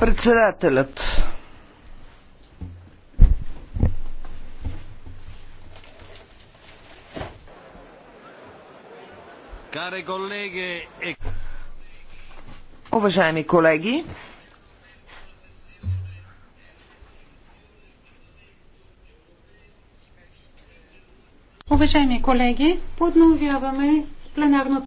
Председателят. E- Уважаеми колеги, Уважаеми колеги, подновяваме пленарното